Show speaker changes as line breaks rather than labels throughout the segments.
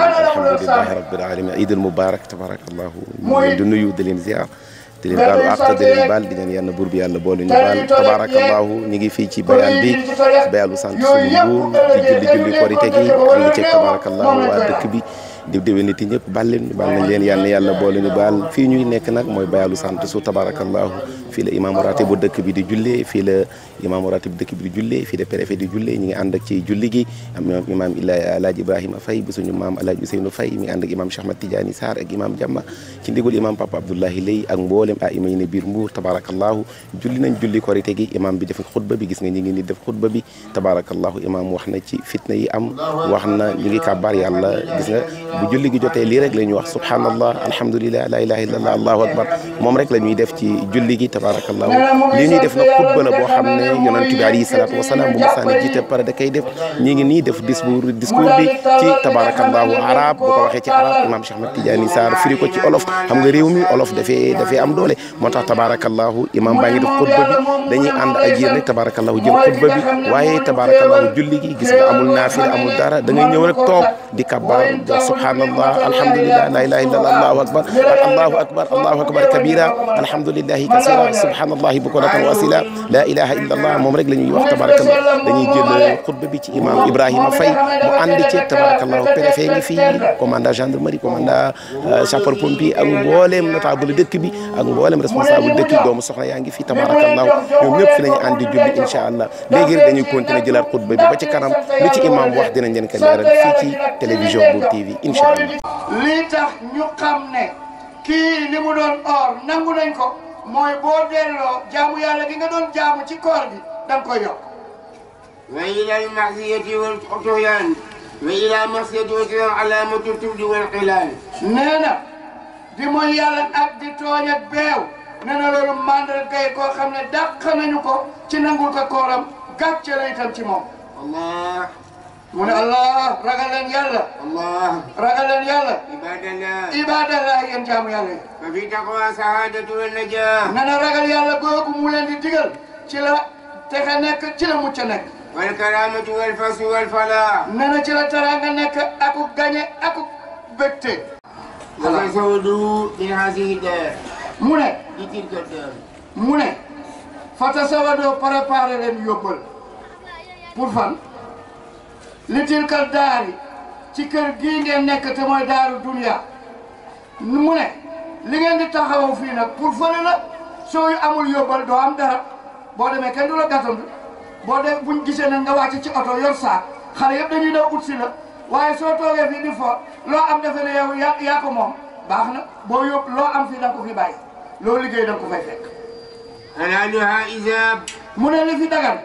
alhamdulilah rabbil alamin idul mubarak tabarakallahu di nuyu di leen ziar di leen baalu àq di leen baal di leen yàlla buur bi baal tabarakallahu ñu ngi fii ci bi bayaalu sant suñu nguur di julli julli korite gi ànd ceeg tabarakallahu waa dëkk bi di déwéniti ñëpp baal leen baal nañ leen yàlla yàlla boole ñu baal fii ñuy nekk nag mooy bayaalu sant su tabarakallahu fii la imaamu ratibu dëkk bi di jullee fii la imaamu ratib dëkk bi di jullee fii la préfet di jullee ñu ngi ànd ak ci julli gi am ñoom imaam alaaji ibrahima fay bu suñu maam alaaji useynu fay mi ngi ànd ak imaam cheikh ahmad tidiani sarr ak imaam jàmma ci ndigul imaam papa abdoulahi lay ak mboolem a ima yi ne biir mbuur tabarakallahu julli nañ julli korite gi imaam bi def xutba bi gis nga ñi ngi ni def xutba bi tabarakallahu imaam wax na ci fitna yi am wax na ñi ngi kàbbaar yàlla gis nga bu julli gi jotee lii rek la ñuy wax subhanallah alhamdulillah la ilaha illallah allahu akbar moom rek la ñuy def ci julli gi tabarakallahu lii ñuy def nag xutba boo xam ne yonent bi alayhi salaatu wasalaam bu masaane jiite pare da koy def ñi ngi nii def discours discours bi ci tabarakallahu arab bu ko waxee ci arab imam Cheikh Ahmed Tidiane Sarr firi ko ci olof xam nga réew mi olof dafee dafee am doole moo tax tabarakallahu imam baa ngi def xutba bi dañuy ànd ak yéen rek tabarakallahu jël xutba bi waaye tabarakallahu julli gi gis nga amul naafila amul dara da ngay ñëw rek toog di kabbar subhanallah alhamdulillah la ilaha illallah allahu akbar allahu akbar allahu akbar kabira alhamdulillahi kasira سبحان الله بكل واسلة لا إله إلا الله ممرق لن يوح تبارك الله لن يجيب قطبة بيتي إمام إبراهيم فاي مؤندي تبارك الله وبيلا في كوماندا جاندرمري كوماندا آه، شابر بومبي أغو بولم نتعبول دكبي أغو بولم رسمسابو دكي دوم سخنا يانجي في تبارك الله يوم نبف لن يأندي جولي إن شاء الله لغير لن يكون تنا جلال قطبة بيتي كرام بيتي إمام واحد لن ينكال يارد في تلفزيون بول تيوي إن شاء الله
لتح نقام نه كي نمودون أور نمودون mooy boo delloo jaamu yàlla bi nga doon jaamu ci koor bi da nga koy yokk wa ilal masiyati wal tuxyaan wa ilal masiyati wal tuxyaan alaamatu tubdi wal xilaan di mooy yàlla ak di tooñ ak beew nee na loolu mandargay koo xam ne dàq nañu ko ci nangul ko kooram gàcce la itam ci moom Mula Allah, ragalan ya Allah. Allah. Ragalan ya Allah. ibadah lah yang jam yang. Allah. tak kuasa sahadatu najah. Nana ragal ya Allah aku mulai mulan di tekanan Ci la texe nek ci Wal mucc tu Wal fasu wal fala. Nana cila terangkan nak aku ganya aku bete. Allah sawdu min hadhihi Mune di tilka dar. Mune fatasawadu para len yobal. Pour li tilkal daari ci kër gi ngeen nekk te mooy daaru dunya mu li ngeen di taxaw fii nag pour fële la soo yu amul yóbbal doo am dara boo demee kenn du la gàttandu boo de buñ gisee nag nga ci oto yor saak xale yëpp dañuy daw ut si waaye soo toogee fii di fo loo am defe ne yow yaa moom baax na boo yóbbu loo am fii da ko fi bàyyi loo liggéey da nga ko fay fekk. alaaluha isaab. mu ne li fi dagan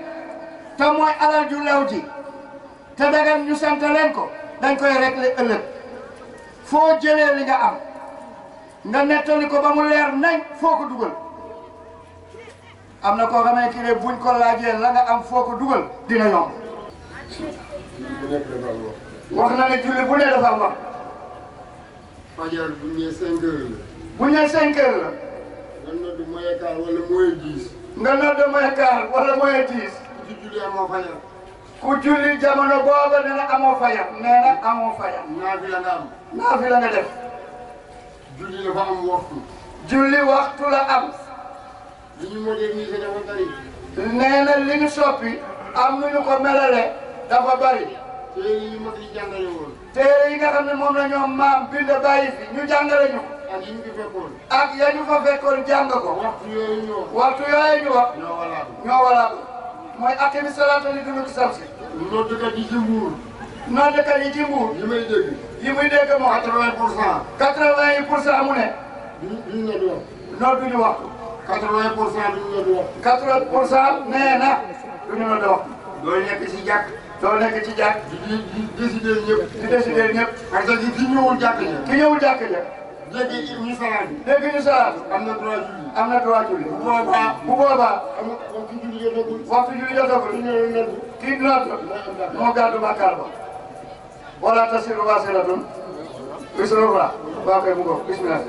te mooy alal ji. te dagan ñu sant leen ko dañ koy régler ëllëg foo li nga am nga nettali ko ba mu leer nañ foo ko dugal am na koo xamante ne buñ ko laajee la nga am foo ko dugal dina yomb. wax na ne julli bu ne dafa wax. bu ñu nee cinq bu ñu nee cinq heures la. mooy quart wala mooy dix. nga nodd mooy quart wala mooy dix. ci julli amoo fajar. ku julli jamono booba nee na amoo fayam nee na amoo fayam. naafila nga am. naafila nga def. julli dafa am waxtu. julli waxtu la am. li ñu modernisé dafa bari. nee na li ñu soppi am nu ñu ko melale dafa bari. téere yi mag yi woon. téere yi nga xam ne moom la ñoom maam bind bàyyi fi ñu jàngale ñu ko. ak yi ñu fa fekkoon jàng ko. waxtu yooyu ñu waxtu yooyu ñu wax. ñoo walaatu ñoo walaatu. mooy aqimi salaata li duluki samsi. noddukat yi ci Mbuur. noddukat yi ci Mbuur. yi may dégg. yi muy dégg moom. quatre-vingt pour cent. quatre-vingt pour mu ne. duñ leen wax. noddu ñu wax. quatre-vingt pour cent duñ leen wax. quatre-vingt pour cent nee na duñu leen wax. doo nekk ci jàkk. doo nekk ci jàkk. di di di décider ñëpp. parce que ki ñëwul jàkk ja. ki ñëwul jàkk ja. dégg ñu ñu salaat. am na droit julli. am na droit julli. bu boobaa bu boobaa. jotagul waxtu julli jotagul ñu ne nen kii dinaat la moo gàddu bàkkaar ba wala tasiru wasilatun wisru uxraa waa koy mu ngoog bismillah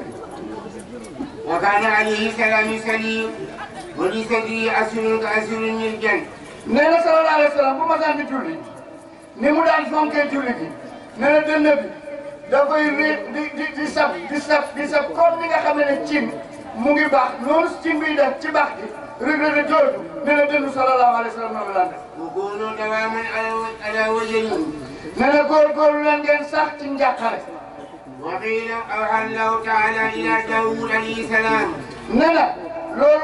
wa kaana alayhi salaam yusalli wa li sadrihi asirun ka asirin mirjan nee na sallallahu alayhi wa sallam bu ma daan di julli ni mu daan fonkee julli gi nee na dënn bi dafay ri di di di sab ni nga ne cin mu ngi baax noonu cin biy def ci baax gi rëgg-rëgg jooju nee na dënnu sallallahu alayhi wa sallam noonu laa def. bu góorlu dafaa mel ala ala wajal yi. nee na góorgóorlu leen ngeen sax ci njàqare. waqiila awxaa allahu taala ila daawud alayhi salaam. nee na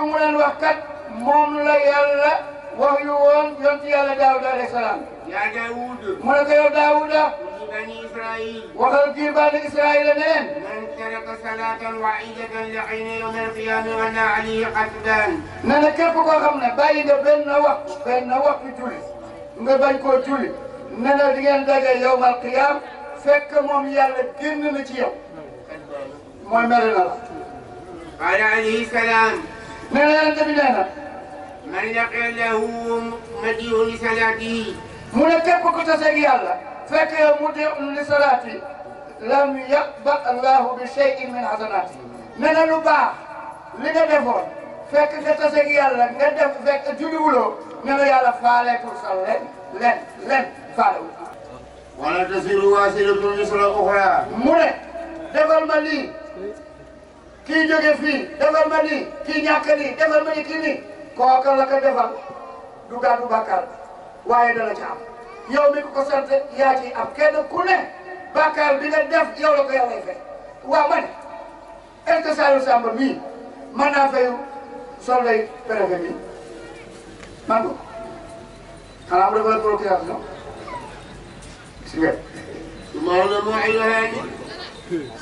mu leen wax kat moom la yàlla wax yu woon yonti yàlla daawud alayhi salaam. yaa daawud. mu ne ko yow daawuda. بني إسرائيل وخلق بني إسرائيل من من ترك صلاة واحدة لحين يوم القيامة ونا عليه حسدان نانا كيف كوغمنا بايد بين وقت بين وقت تولي نبان كو تولي نانا ديان داجا يوم القيامة فك موم يالا جن نتيو موي مرنا لا قال عليه السلام نانا ينتبه بنانا من يقع له مديون صلاته منكب كتسجي الله fekk yow mu dee li salaati lam yaqbal allahu bi shay'in min hasanati nee na lu baax li nga defoon fekk nga tase yàlla nga def fekk julliwuloo nee yàlla faaleetul sa len len len faalewul. wala tasiru waasilatun wisra uxraa mu ne defal ma lii kii jóge fii defal ma lii kii ñàkk lii defal ma lii nii kooka la ko defal du gàddu waaye dana ca yow mi ko ko sant yaa ci am ku ne bàkkaar bi nga def yow la ko yàlla fay waaw man est-ce que Saliou Samba mii mën naa fayu solday préfet bi man ko xanaa am dafa procuration si nga اللهم موعظة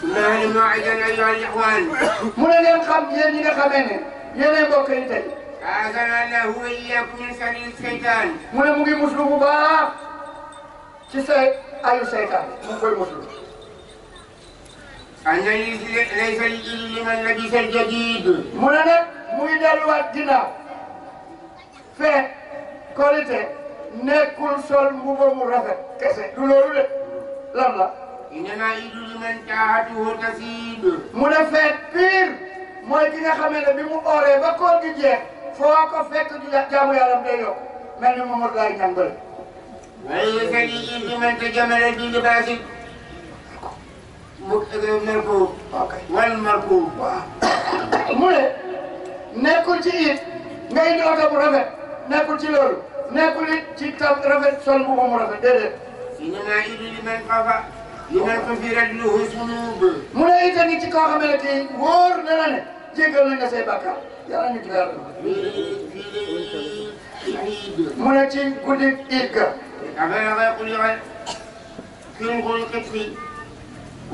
الله الموعظة أيها الإخوان من اليوم خم يجي خمين يجي بوكين تاني أعزنا الله وإياكم من سبيل الشيطان من مجي مسلم باب ci say ayu seytaan mu ngi koy mosul. alladi laysa al-jadid liman labisa al-jadid. mu ne nag muy delluwaat ginnaaw fee korite nekkul sol mbuba mu rafet kese du loolu de lan la. innama iidu liman taa'atuhu tasiid. mu ne feet pire mooy ki nga xamee ne bi mu ooree ba koor gi jeex foo ko fekk di jaamu yàlla day yokk mel ni Mamadou Laye Niang
ويسلي
لمن تجمل بلباس مركوب والمركوب mu ne nekkul ci it ngay indi oto bu rafet nekkul ci loolu nekkul it ci tam rafet sol bu mu rafet déedéet. innama idu liman xafa liman xufirat lahu zunub mu ne it a ngi ci koo xam ne kii wóor na la ne jéggal nañ la say bàkkaar yàlla ñu tuddal mu ne ci guddi it ga غير ذي قدرة في الخلق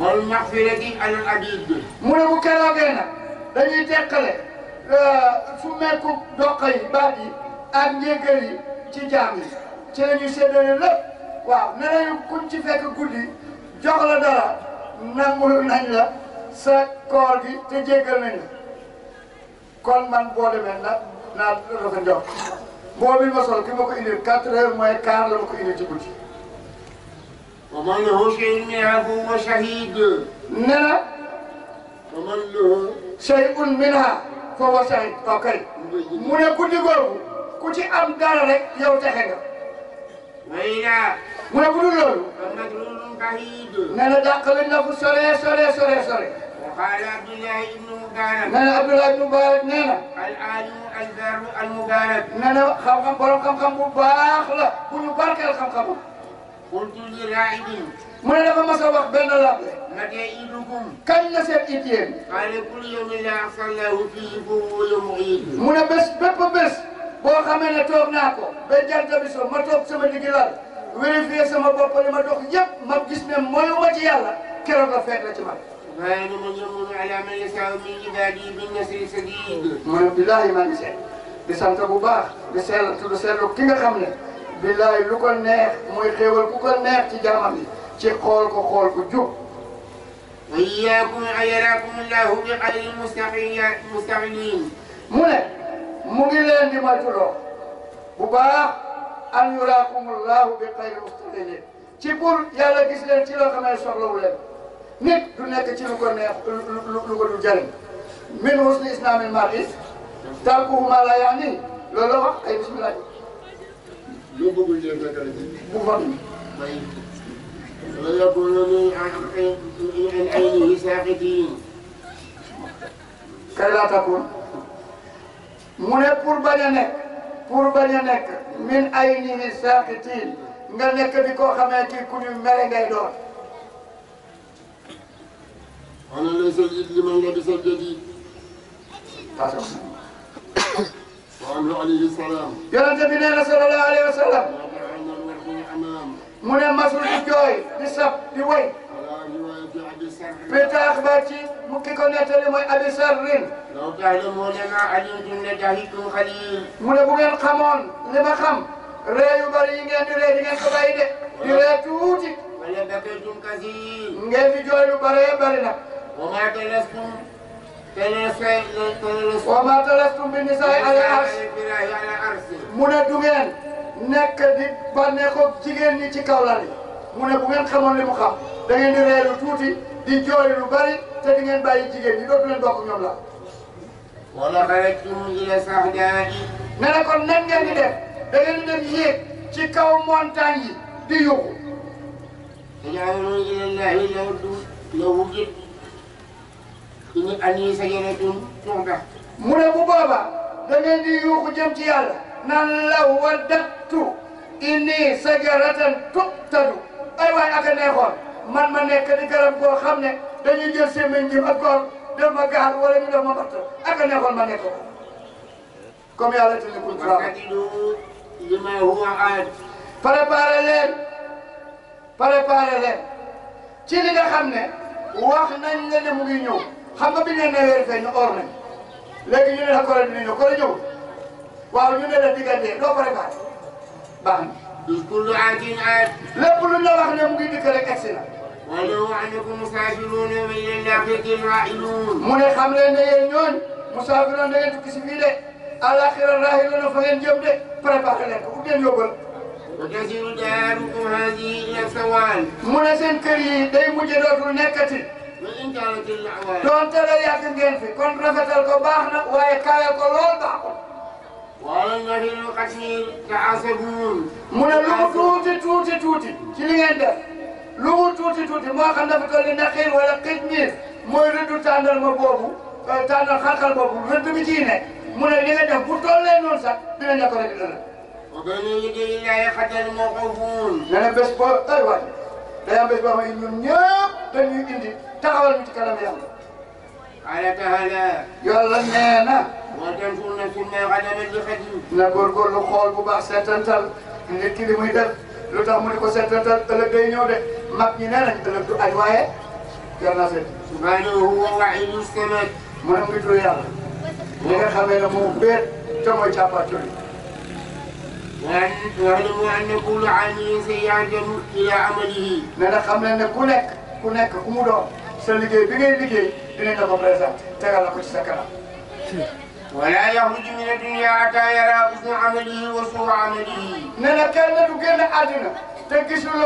wal maxfirati alal adid bi mu ne bu keroogee nag dañuy teqale su euh, mekku doq yi baat yi ak njéggal yi ci jaam yi ci la ñuy séddale lépp waaw ne nañu kuñ ci fekk guddi jox la dara nangul la sa koor gi jéggal nañ la kon man boo demee nag naa rafet njort boobu ma sol ki ma ko indil quatre heures moins quart la ma ko indil ci guddi. wa man lahu shay'un wa shahid. nee na. wa man lahu shay'un minha fa huwa mu ne guddi googu ku ci am dara yow texe nga. mu ne bu dul loolu. kon nag loolu na dàq lañ la fu sore قال عبد الله بن مبارك nee na Abdoulaye ibn Mubarak nee xam-xam borom xam-xam bu la bu ñu barkeel xam-xamam. li raa'idin. mu ne dafa mas a wax benn laab la. mate idukum. kañ la seen it yéen. qaala kullu yawmin laa sallahu fiihi fa huwa yawmu mu ne bés bépp bés. boo xamee ne toog naa ko. ba jant bi so ma toog sama digg lal. vérifier sama bopp ma dox yëpp ma gis ne mooyuma ci yàlla keroog a feet la ci غير مجبور على من يسعى من عباده بالنصر سديد. mooy billaay maa ngi seet di sant bu baax di seetlu tudd seetlu ki nga xam ne billaay lu ko neex mooy xéewal ku ko neex ci jaamam ci xool ko xool ko jub. wa iyyaakum an yaraakum Allaahu bi xayrin mustaxilin mu ne mu ngi leen di moytuloo bu baax an yaraakum Allaahu bi xayrin mustaxilin ci pour yàlla gis leen ci loo xam ne soxlawu nit du nekk ci lu ko neex lu ko du jëriñ min husni islaamil mar'i tarkuhu maa laa ya'nihi loolu la wax ay bismillah loo bëggul jël naka la ji bu fan la yakunu min aynihi saaqitiin kay laa takun mu ne pour bañ a nekk pour bañ a nekk min aynihi saaqitiin nga nekk di ko xamee kii ku ñu mere ngay doon wana laysa al-id liman labisa al-jadid wa anhu alayhi salaam yonente bi nee na sallallahu alayhi wa sallam mu ne masul di jooy di sab di way péta axbar ci mu ki ko nettali mooy abi sarrin law ta'lamuna ma alimtum la dahiktum qalil mu ne bu ngeen xamoon li ma xam ree yu bëri yi ngeen di ree di ngeen ko bàyyi de di ree tuuti wala bakaytum kasir ngeen di jooy lu bëree bëri nag وما جلستم وما جلستم بالنساء على العرش mu ne du ngeen nekk di bànneexoo jigéen ñi ci kaw lal yi mu ne bu ngeen xamoon li mu xam da ngeen di reelu tuuti di jooy lu bari te di ngeen bàyyi jigéen ñi dootu leen bokk ñoom la. wala xarajtum ila sahdaa'i. ne ne kon nan ngeen di def da ngeen di dem yéeg ci kaw montagne yi di yuuxu. taj'aluuna ila llaahi ini ani sayyidatun tu'ba mu ne bu booba da ngeen di yuuxu ci yàlla nan la wadattu inni sajaratan tuqtadu ay waay aka neexoon man ma nekk di garab goo ne dañuy jël semaine ji ak góor dem ma gaar ñu dem ma aka neexoon ma nekk ko yàlla tëli kun tubaabadidu lima li nga xam ne wax nañ nga mu ngi ñëw xam nga bi ñu leen nee weer feeñ or ne la Koré dina ñëw Koré ñëw waaw ñu ne la diggante doo préparé baax na. du kullu aatin aat. lépp lu ñu la ne mu ngi dikk rek egsi na. walaw annakum musaafiruuna wa ilaa laaxiratin raaxiluun. mu ne xam leen ne yéen ñooñu musaafiruuna da ngeen tukki si fii de alaaxira raaxiluuna fa ngeen jëm de préparé leen ko bu ngeen yóbbal. wa tasiiru daarukum haadihi ilaa sawaal. mu ne seen kër yi day mujj dootul doonte la yàgg ngeen fi kon rafetal ko baax na waaye kawe ko lool baaxul. wala nahinu xasiir taasabun mu ne lu mu tuuti tuuti tuuti ci li ngeen def lu mu tuuti tuuti moo xam dafa toll ni naxiir wala xijmiir mooy rëddu tàndal ma boobu euh, tàndal xarxal boobu rëdd bi ciy ne mu ne li nga def bu tollee noonu sax dina nekk rek dana. wa bayna yaday llaahi xatal mawquufuun. nee na bés boo ay waay day am bés boo xam ne ñun ñëpp. dañuy indi taxawal ñu ci kanam yàlla. qaala taala. yàlla nee na. wa tanzurna sunna qadama li xadim. na góorgóorlu xool bu baax seetantal nit ki li muy def lu tax mu di ko seetantal ëllëg day ñëw de mag ñi nee nañ ëllëg du ay waaye yàlla naa seet. subhaanahu wa wa'idu mustamat. mu ne muy tur yàlla. li nga xamee ne moom béet te mooy càppaatu bi. waaye waaye mu ànd ak ku lu ànd yi sa yaay dem ila amalihi. nee na xam leen ne ku nekk. كونك كمودا سلكي بيجي لكي تنين تبقى برزا تعالا كتسكرا ولا يهوج من الدنيا حتى يرى حسن عمله وسوء عمله نلا كان لوكان ادنا تكسلو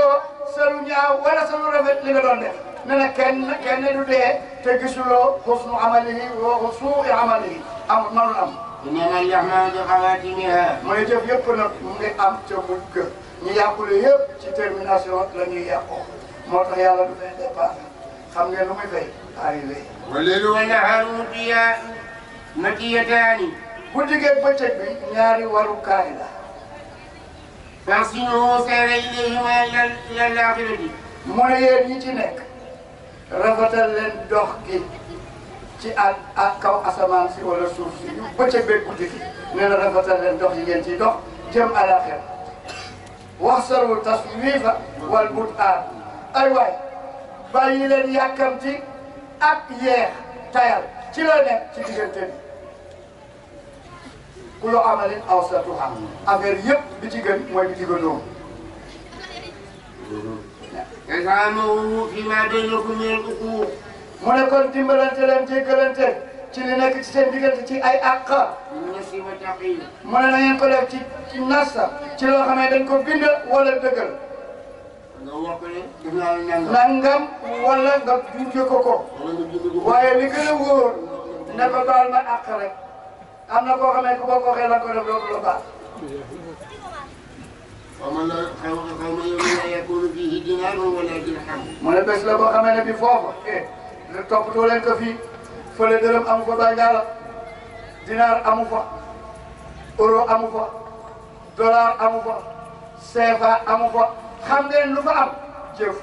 سلونيا ولا سلو رفت لغلون نلا كان كان لوكان تكسلو حسن عمله وسوء عمله ام نرم نعم. إنما اليحمد خواتمها ما يجب يقول لك من أم تبوك ni yakul yep ci termination la ñuy yakko moo tax yàlla du fay départ xam ngeen lu muy fay arrivé. wallayli wa nahaari mudiya nakiyataani. guddi geeg bëccëg bi ñaari warukaay la. ahsinuhu yi mu ne yéen ci nekk. rafetal leen dox gi ci ak kaw asamaan si wala suuf si yu bëccëg beeg guddi gi nee na leen dox yi ngeen ciy dox jëm àllaaxira. waxsaru taswiifa wal bud'aan ay bayi len yakam ci ak yeex tayal ci lo nek ci diggante bi ku loo amalin affaire yëpp bi ci gën moy bi ci gënoo tasaamuhu fi ma baynakum al ko def nasa ci loo xam dañ ko wala nga wax ko ne nangam. nangam wala nga junjee waaye li wóor ne ko baal ma àq am na koo xamee ku boo ko waxee la ko def loolu la baax. waaw man la xaw ma xaw ma yëngu fii dinaa xamee ne bi foofa eh toppatoo leen ko fii fële dërëm dinaar amu fa euro amu fa dollar amu xam ngeen lu fa am jëf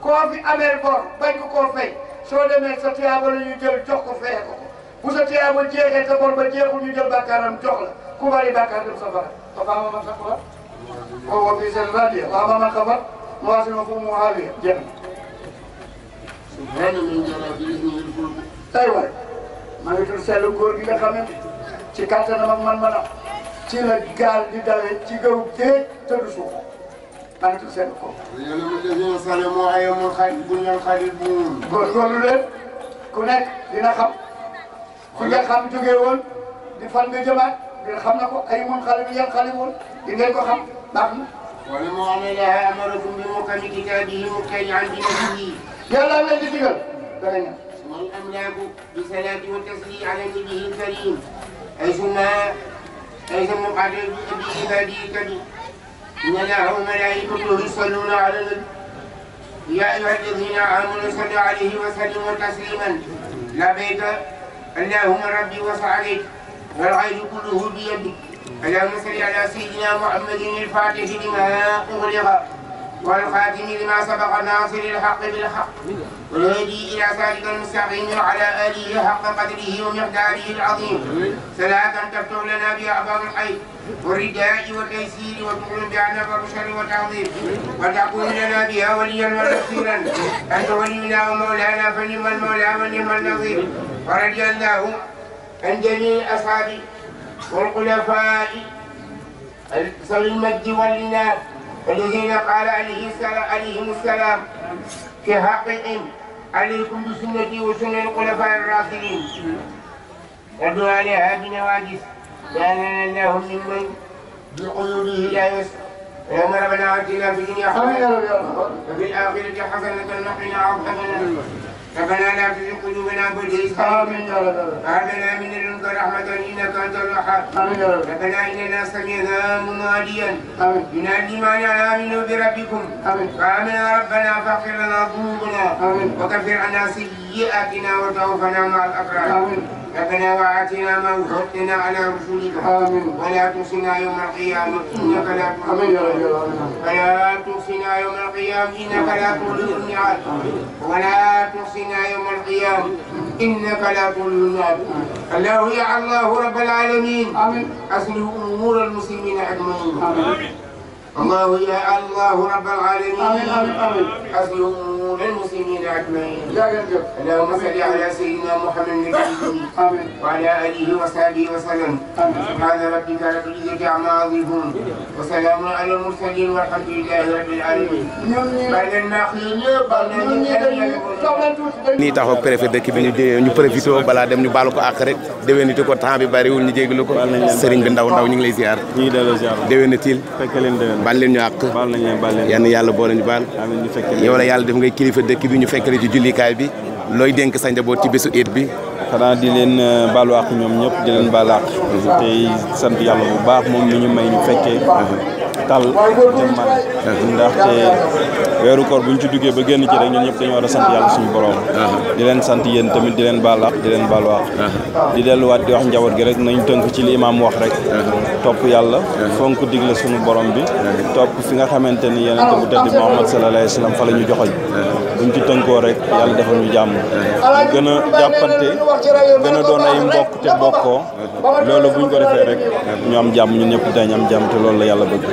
koo fi amee bor bañ ko koo fay soo demee sa tiyaaba la ñu jël jox ko feye ko bu sa tiyaaba jeexee sa bor ba jeexul ñu jël bàkkaaram jox la ku bari bàkkaar dem safara papa ma man safara o wa fi seen radio wa ma man xabar moisima fu mu haawiya jeex na tey waay maa ngi góor gi nga xam ne ci kattanam ak man-manam ci la gaal di dawee ci gaw géej tëdd suuf maa ngi ci seen kaw. yéen a ngi leen Salemo ay amul xarit bu ñu xarit bu woon. góorgóorlu leen ku nekk dina xam. ku nga xam jógee woon di fan nga jëmaat dina xam na ko ay mun xale bi yan xale woon di ngeen ko xam baax na. wala moo amee laa amarakum bi mu kami kitaabihi mu kañ an dinabihi. yàlla leen di digal dana ñëw. man am naa ko bi salaati wa tasli ala nabihi karim ay suma ay sama xale bi ibaadi kadi إن الله وملائكته يصلون على النبي يا أيها الذين آمنوا صلوا عليه وسلموا تسليما لبيك اللهم ربي وسعديك والغير كله بيدك اللهم صل على سيدنا محمد الفاتح لما أغلق والخاتم لما سبق الناصر الحق بالحق والهدي إلى سالك المستقيم على آله حق قدره ومقداره العظيم صلاة تفتح لنا بها الحي والرداء والتيسير وتقول بها بالبشر والتعظيم وتكون لنا بها وليا ونصيرا أنت ولينا ومولانا فنعم المولى ونعم النظير ورضي الله عن جميع أصحابه والخلفاء ذوي المجد والإناث الذين قال عليه السلام عليهم السلام في حقهم عليكم بسنتي وسنة الخلفاء الراشدين ردوا عليها بنواجس لان الله ممن بعيونه لا يسر ويوم ربنا اتينا في الدنيا حسنة وفي الآخرة حسنة نحن عذاب ربنا لا تزغ قلوبنا بعد إذ هب لنا من لدنك رحمة إنك أنت الوهاب ربنا إننا سمعنا مناديا آمين ينادي من آمنوا بربكم آمين فآمنا ربنا فاغفر لنا ذنوبنا آمين وكفر عنا سيئاتنا وتوفنا مع الأبرار آمين ربنا وآتنا ما وعدتنا على رسولك ولا تخزنا يوم القيامة إنك لا ولا تخزنا يوم القيامة إنك لا تخزي ولا تخزنا يوم القيامة إنك لا تخزي الله يا الله رب العالمين أصلح أمور المسلمين أجمعين الله يا الله رب العالمين أصلح للمسلمين اجمعين. اللهم صل على سيدنا
ñu dé ñu profité balaa dem ñu baalu ko àq rek déwéniti ko temps bi bariwul ñu jégalu ko. sëriñ bi ndaw ndaw ñu ngi lay ziar. ñu ngi delloo ziar ñu àq. baal nañ boole ñu baal. amiin def ngay kii kilifa dëkk bi ñu fekk la ci jullikaay bi looy dénk sa njaboot ci bésu iid bi. xanaa di leen euh, baalu
ñoom ñëpp di leen baal àq. tey sant yàlla bu baax moom mi ñu may ñu fekkee. tal jëmmal ndaxte weeru koor bu ñu ci duggee ba génn ci rek ñun ñëpp dañu war a sant yàlla suñu borom uh-huh. di leen sant yéen tamit di leen baal di leen baal wax uh-huh. di delluwaat di wax njaboot gi rek nañ tënk ci li imaam wax rek uh-huh. topp yàlla fonk digle suñu borom bi topp fi nga xamante ni yonent bu tedd Muhammad sallallahu alayhi wa fa la ñu joxoñ buñ ci tënkoo rek yàlla defal ñu jàmm gën a jàppante
gën a doon ay mbokk te bokkoo loolu
ñu ko defee rek ñu am jàmm ñu ñëpp dañ am jàmm te loolu la yàlla bëgg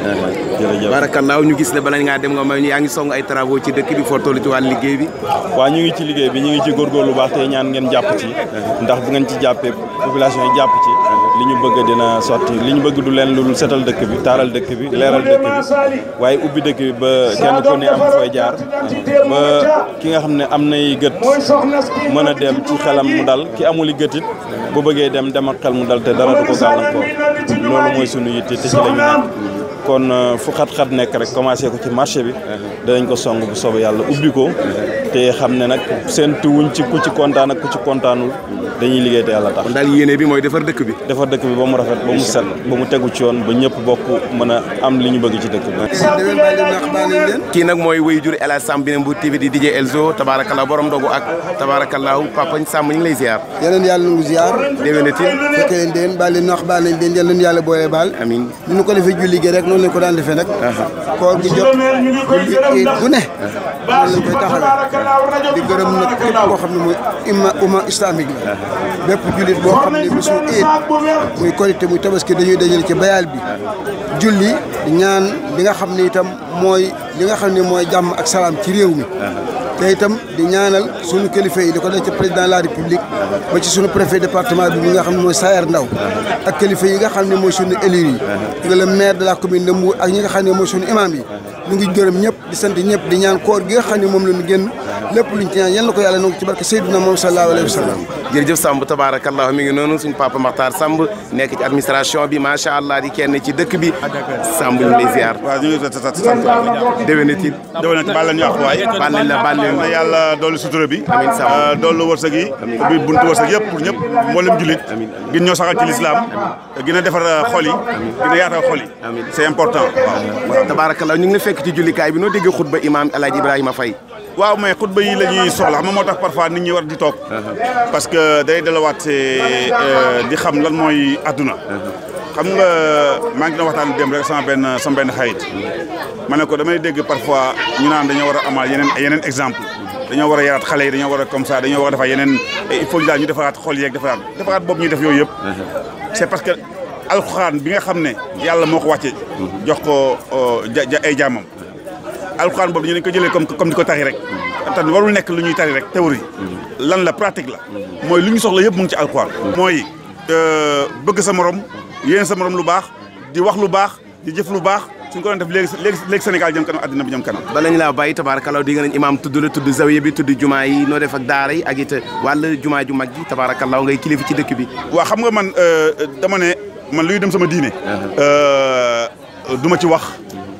jërëjëf
barakallaaw ñu gis ne bala ngaa dem nga may ñu yaa ngi song ay travaux ci dëkk bi foo toll ci wàllu liggéey bi
waa ñu ngi ci liggéey bi ñu ngi ci lu baax te ñaan ngeen jàpp ci ndax bu ngeen ci jàppee population jàpp ci li ñu bëgg dina sotti li ñu bëgg du leen lu setal dëkk bi taaral dëkk bi leeral dëkk bi waaye ubbi dëkk bi ba kenn ku ne am fooy jaar ba ki nga xam ne am nay gët mën a dem ci xelam mu dal ki amul i gët it bu bëggee dem demal xel mu dal te dara du ko gàllankoor loolu mooy sunu yitte te ci la nekk kon euh, fu xat-xat nekk rek commencé ko ci marché bi danañ ko song bu soobee yàlla ubbi ko te xam ne nag séntu wuñ ci ku ci kontaan ak ku ci kontaanul dañuy liggéey te yàlla tax. kon daal yéene bi mooy defar dëkk bi. defar dëkk bi ba mu rafet ba mu set ba mu tegu ci yoon ba ñëpp bokk mën a am
li ñu bëgg ci dëkk bi. kii nag mooy wéy jur El Hadj Samb bi ne Mbour TV di DJ Elzo tabaarakallaa borom dogu ak tabaarakallaa papa Samb ñu ngi lay ziar. yeneen yàlla nu ziar. déwénati. fekk leen déen baal leen nax baal leen déen yàlla nu yàlla boole baal. amiin ñu ko defee julli gi rek noonu lañ ko daan defee nag. koor gi jot ne di gërëm nag képp koo xam ne mooy umma umma islamique la bépp jullit boo xam ne bisu iid muy korité muy ci bayaal bi julli ñaan li nga xam ne itam mooy li nga xam ne mooy jàmm ak salaam ci réew mi te itam di ñaanal sunu kilifa yi di ko def ci président de la république ba ci sunu préfet département bi nga xam ne mooy Sayer Ndaw ak kilifa yi nga xam ne mooy sunu élus yi nga le maire de la commune de Mbour ak ñi nga xam ne mooy sunu imam yi ñu ngi gërëm ñëpp di sant ñëpp di ñaan koor gi nga xam ne moom la ñu génn lépp luñ ci ñaan yal na ko yàlla nangu ci barke Seydina moom sallallahu alayhi wa sallam jërëjëf Samb tabarakallah mi ngi noonu suñ papa Makhtar Samb nekk ci administration bi macha allah di kenn ci dëkk bi
Samb ñu lay ziar waaw ñu ngi sant déwénati déwénati baal leen yàq waay baal leen la leen na yàlla doolu sutura bi amiin Samb euh, doolu wërsëg yi bi buntu wërsëg yëpp pour ñëpp mboolem julit gën ñoo saxal ci l'islam gën a defar euh, xol yi gën a yaatal xol yi c'est important waaw tabarakallah ñu ngi fekk ci jullikaay bi noo déggee xutba imaam El Hadj Ibrahima Faye waaw mais xutba yi la ñuy soxla xam moo tax parfois nit ñi war di toog. parce que day dalawaat euh, di xam lan mooy àdduna. xam nga maa ngi doon waxtaan dem rek sama benn sama benn xayit ma ne ko damay dégg parfois ñu naan dañoo war a amaat yeneen yeneen exemple dañoo war a yaraat xale yi dañoo war a comme ça dañoo war a defar yeneen il faut ñu daal ñu defaraat xol yeeg defaraat defaraat boobu ñuy def yooyu yëpp c'est parce que alxuraan bi nga xam ne yàlla moo ko wàcce jox ko euh, ay jaamam alxuraan boobu ñu ne ko jëlee comme comme diko ko tari rek tan warul nekk lu ñuy tari rek théorie lan la pratique la moy lu ñu soxla yëpp mu ngi ci moy euh bëgg sa morom yeen sa morom lu baax di wax lu baax di jëf lu baax suñ ko doon def léegi léegi Sénégal jëm kanam àddina bi jëm kanam ba lañ
la bàyyi tabarakallah di nga nañ imam tudd la tudd zawiya bi
tudd juma yi no def ak daara yi ak ite wàllu juma ju mag ji tabaarakallaa ngay kilifi ci dëkk bi wa xam nga man euh dama ne man luy dem sama diiné uh-huh. euh duma ci wax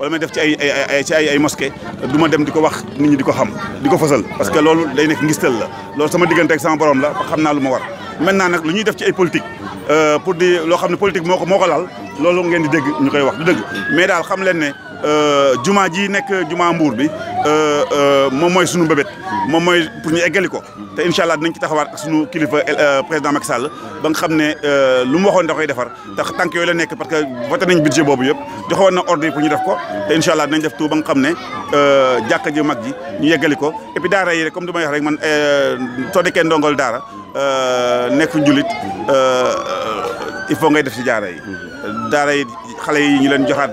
wala may def ci ay ay ci ma dem di ko wax nit ñi di ko xam di ko fësal parce que loolu day nekk ngistal la loolu sama diggante ak sama borom la xam naa lu ma war maintenant nag lu ñuy def ci ay politique euh, pour di loo xam ne politique moo ko moo ko laal loolu ngeen di dégg ñu koy wax du dëgg mais daal xam leen ne Euh, jumaa ji nekk juma mbuur bi euh, euh, moom mooy sunu mbébét moom mooy pour ñu eggali ko te incha allah dinañ ci taxawaat ak sunu kilifa président Macky Sall ba nga xam ne lu mu waxoon da koy defar tax tànk yooyu la nekk parce que voté nañ budget boobu yëpp joxoon na ordre yi pour ñu def ko te incha allah dinañ def tu ba nga xam ne jàkka ji mag ji ñu yeggali ko et puis comme du may wax rek man soo nekkee ndongol daara nekk njulit il faut ngay def si daara yi daara yi xale yi ñu leen joxaat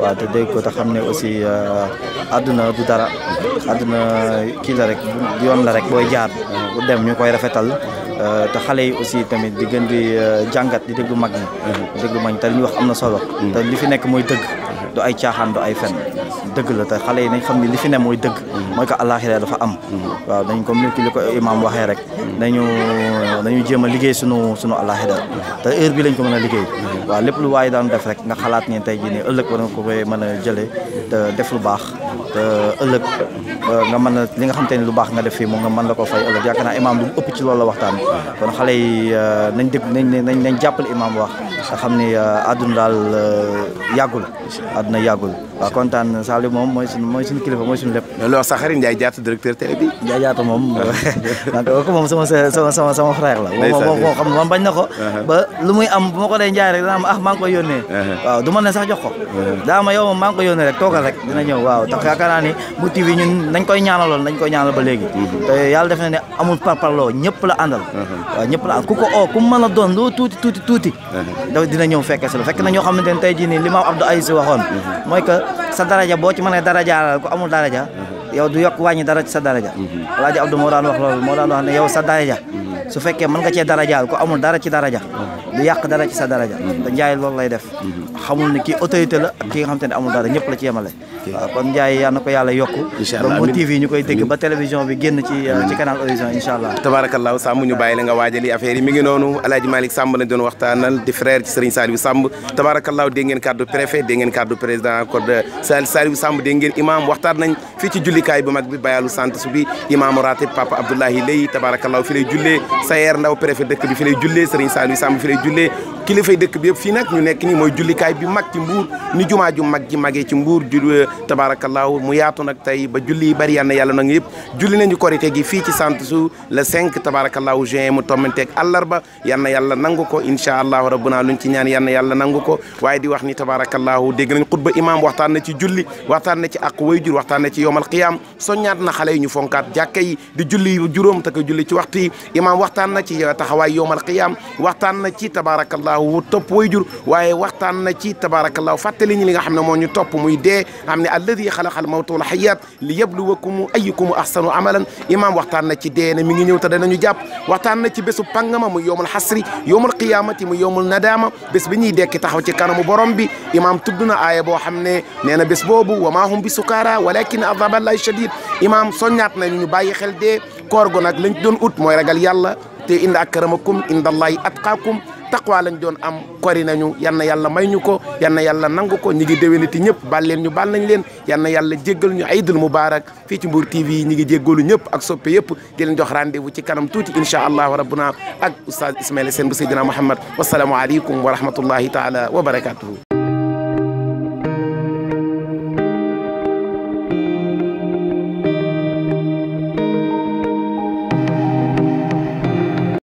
waaw te dégg ko te xam ne aussi euh, àdduna du dara àdduna kii la rek yoon la rek booy jaar bu dem ñu koy rafetal euh, te xale yi aussi tamit di gën di euh, jàngat di déglu mag ñi déglu mag ñi te ñu wax am na solo mm-hmm. te li fi nekk mooy dëgg du ay caaxaan du ay fen deug la tay xalé yi nañ xam ni li fi ne deug moy mooy allah àllaaxira dafa am waaw dañ ko ni li ko imaam waxee rek dañu dañu jema liggey suñu suñu allah àllaaxira te heure bi lañ ko mëna liggey waaw lepp lu waaye daan def rek nga xalaat ni tay jii nii war nga ko koy mëna jëlé te def lu baax te ëllëg euh, nga mëna li nga xam te lu baax nga def fi mo nga mën la ko fay ëllëg yaakaar naa imaam lu ci loolu waxtaan kon xalé yi euh, nañ deug nañ nañ jappal imam wax xamni xam ni yagul adna yagul àdduna yàggul na Saliou mom mooy suñu mooy suñu kilifa mooy suñu lépp loolu ya, wax sa xarit Ndiaye Diatou directeur télé bi Ndiaye Diatou moom donc oh. kooku moom sama sama sama sama frère la moom moo xam moom bañ na ko ba lu muy am bu ma ko dee njaay rek dana am ah maa ngi koy waaw du ne sax jox ko daa yow moom maa ngi rek toogal rek dina ñëw waaw tax yaakaar naa ni bu TV ñun nañ koy ñaanaloon dañ koy ñaanal ba léegi mhm. te yàlla def na ne amul parparloo ñëpp la àndal waaw ñëpp la àndal ku ko oo oh, ku mën a doon loo tuuti tuuti dina ñëw fekke si la fekk na ñoo xamante ne tey jii nii Abdou Aïs waxoon mooy mhm. que sa dara daraja boo ci mënee darajaalal ku amul daraja yow du yokk wàññi dara ci sa daraja alaaji Abdou moo daan wax loolu moo daan wax ne yow sa daraja su fekkee mën nga cee darajaal ku amul dara ci daraja du yàq dara ci sa daraja te njaay loolu lay def xamul ne kii autorité la ak ki nga xam te ne amul dara ñëpp la ci yemale ah, kon Ndiaye yal na ko yàlla yokku ba mu TV ñu koy dégg ba télévision bi génn ci euh, ci canal Horizon incha allah
tabaarakallaahu ñu bàyyi la nga waajali affaire yi mi ngi noonu Alaaji Malick Samb lañ doon waxtaanal di frère ci Serigne Saliou Samb tabaarakallaahu dégg ngeen kàddu préfet dégg ngeen kàddu président code Saliou Samb dégg ngeen imam fii ci jullikaay bu mag bi bayalu sant su bi imam ratib papa Abdoulahi fi jullee Sayer Ndaw préfet dëkk bi kilifay dekk bi yepp fi nak ñu nekk moy julli kay bi mag ci mbuur ni juma ju mag ji magé ci mbuur ju euh, tabarakallah mu yaatu nak tay ba julli bari yal yalla nak yepp julli nañu korité gi fi ci sant sou le 5 tabarakallah juin mu tomenté ak alarba na yalla nangu ko inshallah rabbuna luñ ci ñaan yalla ko waye di wax ni tabarakallah dégg nañ khutba imam waxtaan na ci julli waxtaan na ci ak wayjur waxtaan na ci yowmal qiyaam soññaat na xalé ñu fonkat jakkay di julli juroom tak julli ci waxti imam waxtaan na ci taxaway yowmal qiyam waxtaan na ci tabarakallah tabaarakallaahu wu topp way jur waaye waxtaan na ci tabaarakallaahu fàttali ñu li nga xam ne ñu topp muy dee xam ne alladi xalaqal wal xayaat li yabluwakum ayyukum ahsanu amalan imam waxtaan na ci dee ne mi ngi ñëw te danañu jàpp waxtaan na ci bésu pangama muy yowmul xasri yowmul qiyaamati muy yowmul nadaama bés bi ñuy dekki taxaw ci kanamu borom bi imaam tudd na aaya boo xam bés boobu wa hum bi sukaara walakin adaballahi shadid imam soññaat na ñu bàyyi xel dee koor go nag lañ doon ut mooy ragal yàlla te inna akramakum indallahi atqaakum taqwa lañ doon am kori nañu yan na yàlla may ñu ko yan na yàlla nangu ko ñi ngi déwéniti ñëpp bal leen ñu bal nañ leen yan na yàlla jéggal ñu aydul mubaarak fii ci Mbour TV ñi ngi jéggalu ñëpp ak soppe yëpp di leen jox rendez ci kanam tuuti insha allahu rabbuna ak oustaz Ismaila Sène bu Seydina Mouhamed wasalaamu aleykum wa rahmatullahi taala wa barakatuhu